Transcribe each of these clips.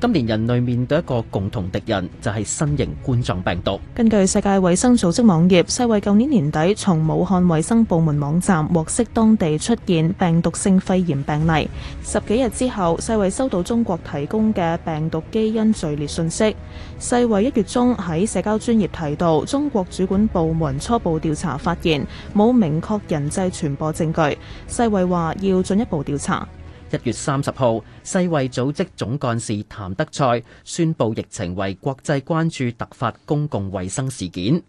今年人類面對一個共同敵人，就係、是、新型冠狀病毒。根據世界衛生組織網頁，世衛舊年年底從武漢衛生部門網站獲悉當地出現病毒性肺炎病例。十幾日之後，世衛收到中國提供嘅病毒基因序列信息。世衛一月中喺社交專業提到，中國主管部門初步調查發現冇明確人際傳播證據。世衛話要進一步調查。一月三十號，世衛組織總幹事譚德塞宣布疫情為國際關注突發公共衛生事件。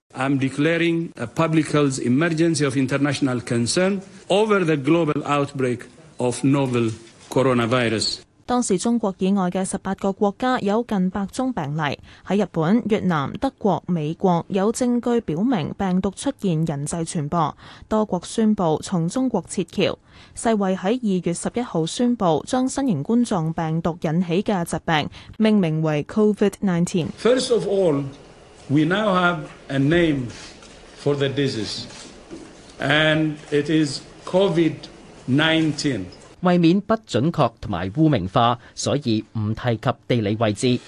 當時中國以外嘅十八個國家有近百宗病例，喺日本、越南、德國、美國有證據表明病毒出現人際傳播，多國宣布從中國撤僑。世衛喺二月十一號宣布，將新型冠狀病毒引起嘅疾病命名為 COVID-19。19 First of all, we now have a name for the disease, and it is COVID-19. 為免不準確同埋污名化，所以唔提及地理位置。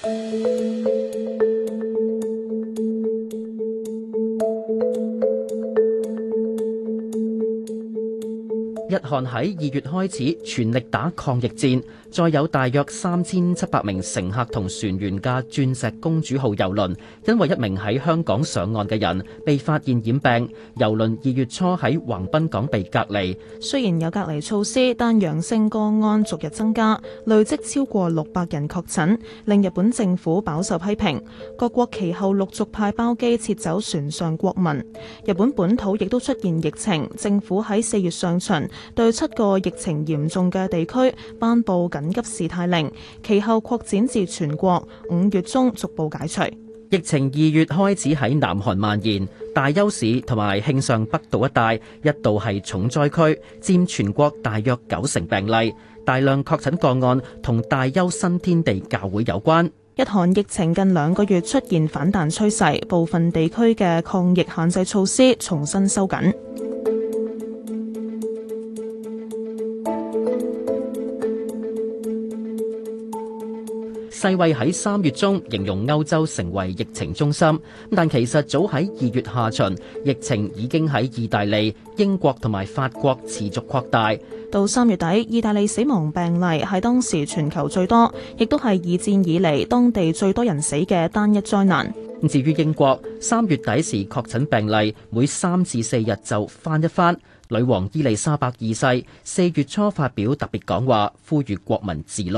日韓喺二月開始全力打抗疫戰，再有大約三千七百名乘客同船員嘅《鑽石公主號》郵輪，因為一名喺香港上岸嘅人被發現染病，郵輪二月初喺橫濱港被隔離。雖然有隔離措施，但陽性個案逐日增加，累積超過六百人確診，令日本政府飽受批評。各國其後陸續派包機撤走船上國民。日本本土亦都出現疫情，政府喺四月上旬，對七個疫情嚴重嘅地區頒布緊急事態令，其後擴展至全國，五月中逐步解除。疫情二月開始喺南韓蔓延，大邱市同埋慶尚北道一帶一度係重災區，佔全國大約九成病例，大量確診個案同大邱新天地教會有關。一項疫情近兩個月出現反彈趨勢，部分地區嘅抗疫限制措施重新收緊。世衛喺三月中形容歐洲成為疫情中心，但其實早喺二月下旬，疫情已經喺意大利、英國同埋法國持續擴大。到三月底，意大利死亡病例係當時全球最多，亦都係二戰以嚟當地最多人死嘅單一災難。至於英國，三月底時確診病例每三至四日就翻一番。女王伊麗莎白二世四月初發表特別講話，呼籲國民自律。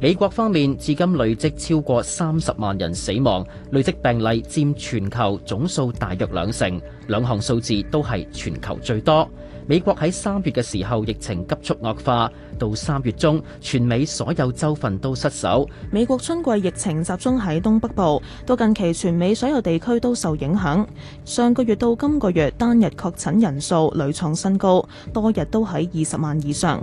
美國方面至今累積超過三十萬人死亡，累積病例佔全球總數大約兩成，兩項數字都係全球最多。美國喺三月嘅時候疫情急速惡化，到三月中全美所有州份都失守。美國春季疫情集中喺東北部，到近期全美所有地區都受影響。上個月到今個月單日確診人數屢創新高，多日都喺二十萬以上。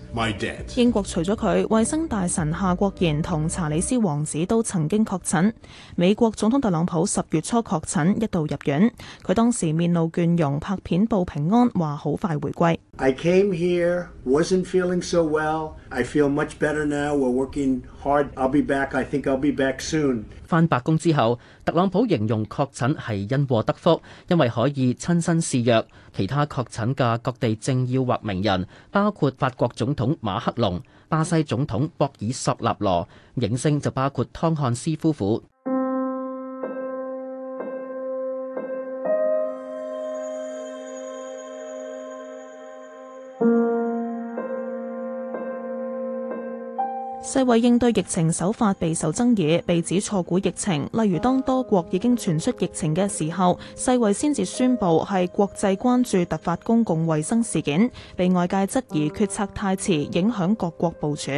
My 英國除咗佢，衛生大臣夏國賢同查理斯王子都曾經確診。美國總統特朗普十月初確診，一度入院。佢當時面露倦容，拍片報平安，話好快回歸。I came here, wasn't feeling so well. I feel much better now. We're working hard. I'll be back. I think I'll be back soon. 返白宮之後，特朗普形容確診係因禍得福，因為可以親身試藥。其他確診嘅各地政要或名人，包括法國總統。總統馬克龍、巴西總統博爾索納羅，影星就包括湯漢斯夫婦。世衛應對疫情手法備受爭議，被指錯估疫情。例如，當多國已經傳出疫情嘅時候，世衛先至宣佈係國際關注突發公共衛生事件，被外界質疑決策太遲，影響各國部署。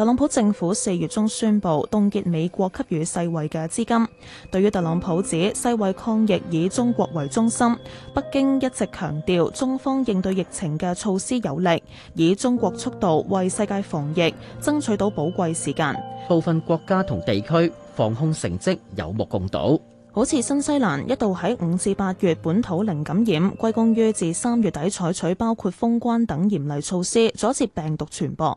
特朗普政府四月中宣布凍結美國給予世衛嘅資金。對於特朗普指世衛抗疫以中國為中心，北京一直強調中方應對疫情嘅措施有力，以中國速度為世界防疫爭取到寶貴時間。部分國家同地區防控成績有目共睹，好似新西蘭一度喺五至八月本土零感染，歸功於至三月底採取包括封關等嚴厲措施，阻截病毒傳播。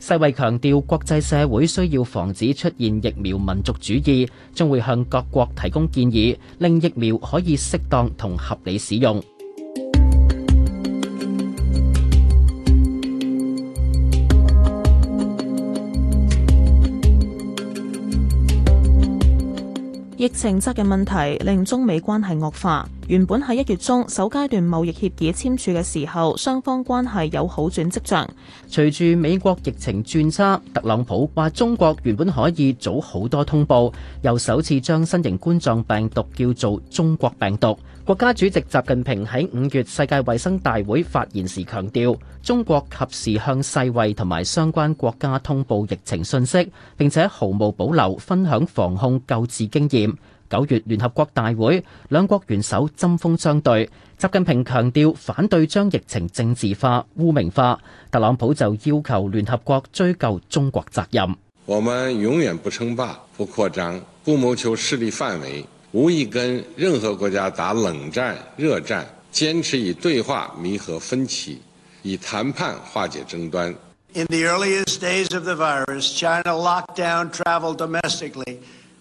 世衛強調，國際社會需要防止出現疫苗民族主義，將會向各國提供建議，令疫苗可以適當同合理使用。疫情責任問題令中美關係惡化。原本喺一月中首階段貿易協議簽署嘅時候，雙方關係有好轉跡象。隨住美國疫情轉差，特朗普話中國原本可以早好多通報，又首次將新型冠狀病毒叫做中國病毒。國家主席習近平喺五月世界衛生大會發言時強調，中國及時向世衛同埋相關國家通報疫情信息，並且毫無保留分享防控救治經驗。九月聯合國大會，兩國元首針鋒相對。習近平強調反對將疫情政治化、污名化，特朗普就要求聯合國追究中國責任。我們永遠不稱霸、不擴張、不謀求勢力範圍，無意跟任何國家打冷戰、熱戰，堅持以對話彌合分歧，以談判化解爭端。In the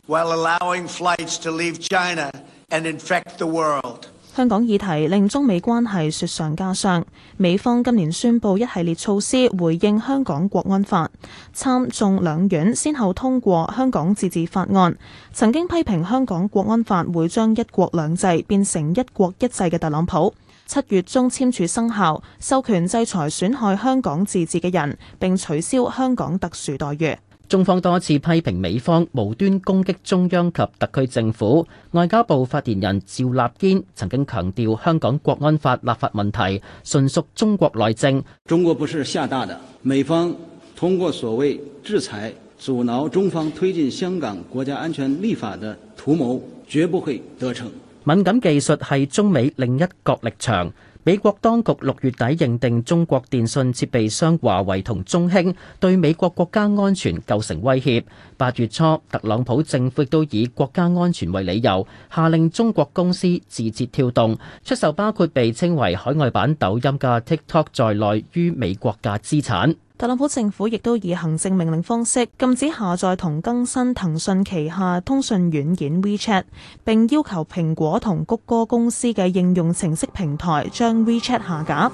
While allowing flights to leave China and infect the world. 香港議題令中美關係雪上加霜。美方今年宣布一系列措施回應香港國安法，參眾兩院先後通過香港自治法案。曾經批評香港國安法會將一國兩制變成一國一制嘅特朗普，七月中簽署生效，授權制裁損害香港自治嘅人，並取消香港特殊待遇。中方多次批評美方無端攻擊中央及特區政府。外交部發言人趙立堅曾經強調，香港國安法立法問題純屬中國內政。中國不是嚇大的，美方通過所謂制裁阻撓中方推進香港國家安全立法的圖謀，絕不會得逞。敏感技術係中美另一角力場。美國當局六月底認定中國電信設備商華為同中興對美國國家安全構成威脅。八月初，特朗普政府亦都以國家安全為理由，下令中國公司字節跳動出售包括被稱為海外版抖音嘅 TikTok 在內於美國嘅資產。特朗普政府亦都以行政命令方式禁止下載同更新騰訊旗下通訊軟件 WeChat，並要求蘋果同谷歌公司嘅應用程式平台將 WeChat 下架。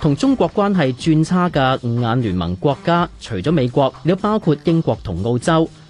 同中國關係轉差嘅五眼聯盟國家，除咗美國，亦都包括英國同澳洲。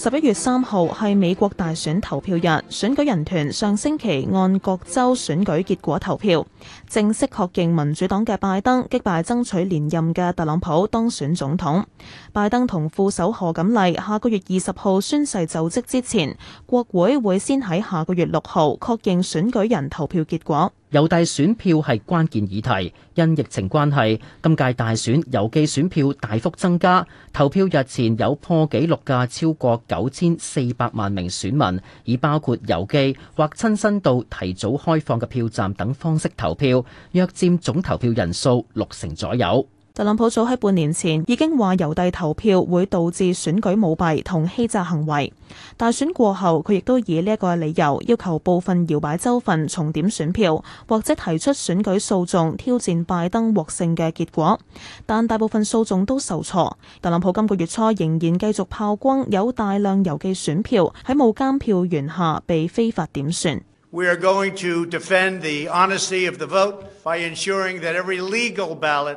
十一月三號係美國大選投票日，選舉人團上星期按各州選舉結果投票，正式確認民主黨嘅拜登擊敗爭取連任嘅特朗普當選總統。拜登同副手賀錦麗下個月二十號宣誓就職之前，國會會先喺下個月六號確認選舉人投票結果。郵遞選票係關鍵議題，因疫情關係，今屆大選郵寄選票大幅增加。投票日前有破紀錄嘅超過九千四百萬名選民，以包括郵寄或親身到提早開放嘅票站等方式投票，約佔總投票人數六成左右。特朗普早喺半年前已經話郵遞投票會導致選舉舞弊同欺詐行為。大選過後，佢亦都以呢一個理由要求部分搖擺州份重點選票，或者提出選舉訴訟挑戰拜登獲勝嘅結果。但大部分訴訟都受挫。特朗普今個月初仍然繼續炮轟有大量郵寄選票喺無監票員下被非法點算。We are going to defend the honesty of the vote by ensuring that every legal ballot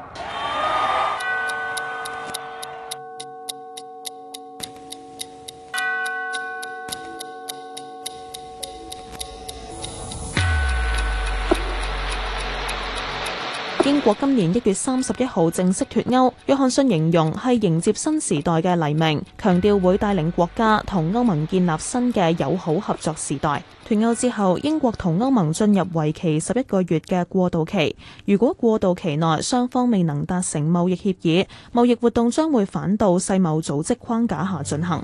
英國今年一月三十一號正式脫歐，約翰遜形容係迎接新時代嘅黎明，強調會帶領國家同歐盟建立新嘅友好合作時代。脫歐之後，英國同歐盟進入為期十一個月嘅過渡期。如果過渡期內雙方未能達成貿易協議，貿易活動將會返到世貿組織框架下進行。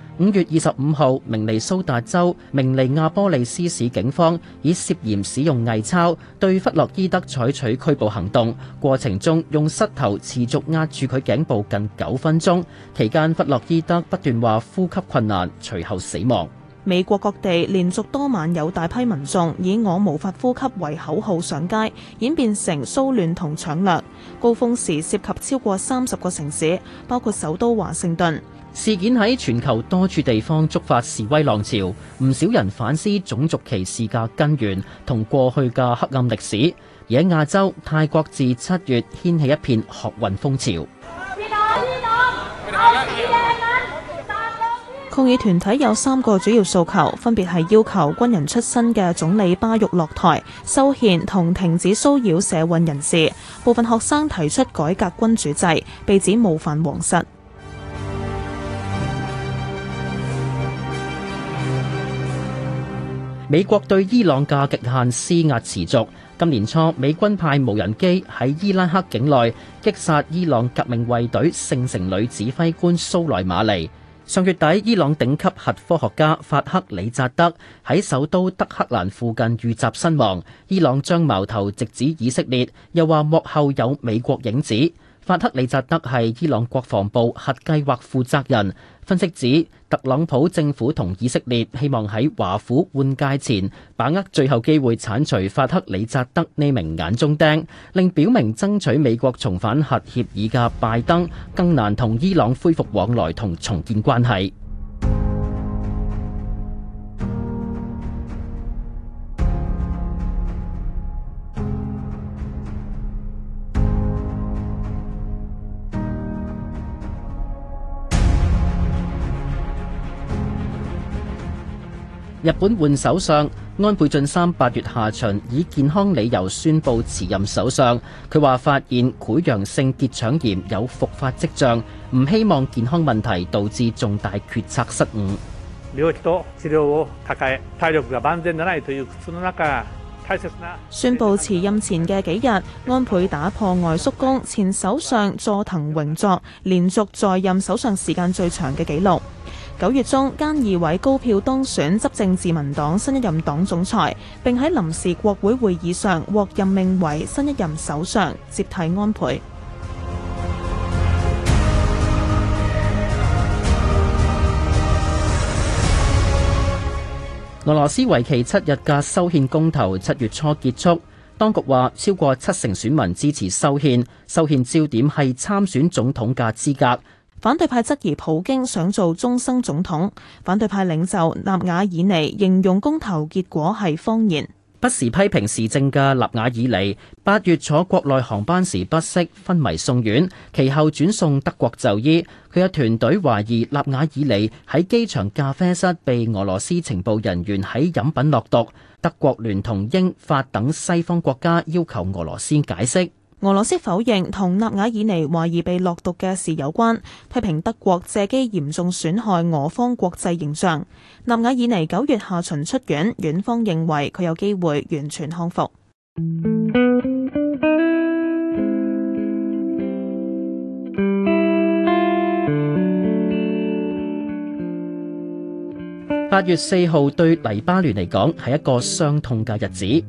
五月二十五號，明尼蘇達州明尼亞波利斯市警方以涉嫌使用偽鈔對弗洛伊德採取拘捕行動，過程中用膝頭持續壓住佢頸部近九分鐘，期間弗洛伊德不斷話呼吸困難，隨後死亡。美國各地連續多晚有大批民眾以我無法呼吸為口號上街，演變成騷亂同搶掠，高峰時涉及超過三十個城市，包括首都華盛頓。事件喺全球多處地方觸發示威浪潮，唔少人反思種族歧視嘅根源同過去嘅黑暗歷史。而喺亞洲，泰國自七月掀起一片學運風潮。抗議團體有三個主要訴求，分別係要求軍人出身嘅總理巴育落台、修憲同停止騷擾社運人士。部分學生提出改革君主制，被指冒犯皇室。美國對伊朗嘅極限施壓持續。今年初，美軍派無人機喺伊拉克境內擊殺伊朗革命衛隊聖城旅指揮官蘇萊馬尼。上月底，伊朗頂級核科學家法克里扎德喺首都德黑蘭附近遇襲身亡。伊朗將矛頭直指以色列，又話幕後有美國影子。法克里扎德係伊朗國防部核計劃負責人。分析指，特朗普政府同以色列希望喺華府換屆前把握最後機會鏟除法克里扎德呢名眼中釘，令表明爭取美國重返核協議嘅拜登更難同伊朗恢復往來同重建關係。.日本換首相，安倍晉三八月下旬以健康理由宣布辭任首相，佢話發現潰瘍性結腸炎有復發跡象，唔希望健康問題導致重大決策失誤了解と治療を抱え體力が萬全的ないという苦痛の中大切な宣布辭任前嘅幾日，安倍打破外叔公前首相佐藤榮作連續在任首相時間最長嘅紀錄。九月中，菅義偉高票當選執政自民黨新一任黨總裁，並喺臨時國會會議上獲任命為新一任首相，接替安倍。俄羅斯為期七日嘅修憲公投七月初結束，當局話超過七成選民支持修憲，修憲焦點係參選總統嘅資格。反對派質疑普京想做終生總統，反對派領袖納瓦爾尼形容公投結果係謊言，不時批評時政嘅納瓦爾尼八月坐國內航班時不適昏迷送院，其後轉送德國就醫。佢嘅團隊懷疑納瓦爾尼喺機場咖啡室被俄羅斯情報人員喺飲品落毒，德國聯同英法等西方國家要求俄羅斯解釋。俄羅斯否認同納瓦爾尼懷疑被落毒嘅事有關，批評德國借機嚴重損害俄方國際形象。納瓦爾尼九月下旬出院，院方認為佢有機會完全康復。八月四號對黎巴嫩嚟講係一個傷痛嘅日子。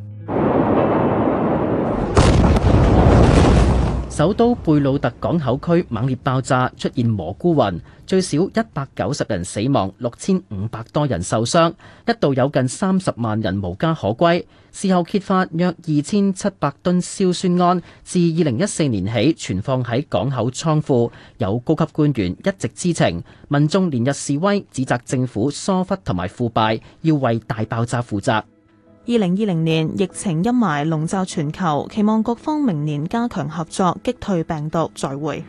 首都貝魯特港口區猛烈爆炸，出現蘑菇雲，最少一百九十人死亡，六千五百多人受傷，一度有近三十萬人無家可歸。事後揭發約二千七百噸硝酸銨，自二零一四年起存放喺港口倉庫，有高級官員一直知情。民眾連日示威，指責政府疏忽同埋腐敗，要為大爆炸負責。二零二零年疫情陰霾籠罩全球，期望各方明年加強合作，擊退病毒。再會。